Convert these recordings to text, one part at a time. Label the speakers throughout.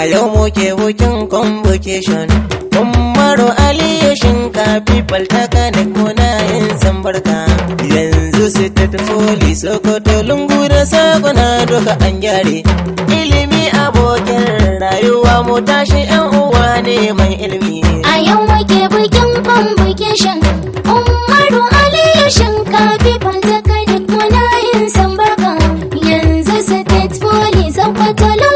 Speaker 1: A yau muke bukin convocation. Umaru Aliyu people ta kane kuna yin sambarka. Yanzu su ta sokoto lungu da sakuna duka an gyare. Ilimi abokin rayuwa mu tashi yan uwa ne mai ilimi. A yau muke bukin convocation. Umaru
Speaker 2: Aliyu people ta da kuna yin sambarka. Yanzu su ta sokoto lungu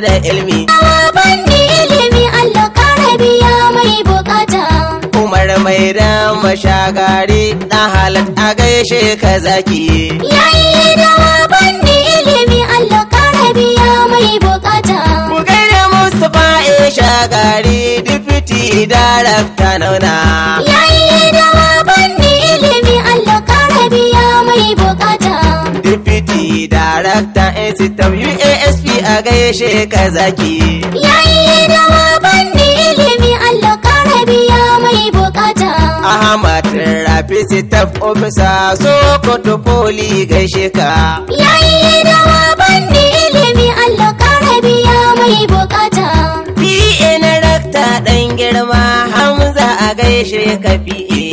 Speaker 3: da ilimi. Ban ne ilimi Allah karabiya mai bukata. Umar mai da mashagari na halat a gaishe ka zaki. Yayi da ban ne ilimi Allah karabiya mai bukata. Ku da Mustapha ya shagari dipiti darakta nuna. Dakta Esitam UASP a gaishe ka zaki. Yayi da ban ilimi Allah ya mai bukata. Ahmad Rafi sitam Ofisa
Speaker 1: Sokoto Poli gaishe ka.
Speaker 3: Yayi da ban ilimi Allah mai bukata. PA na rakta ɗan girma Hamza a gaishe ka PA. E.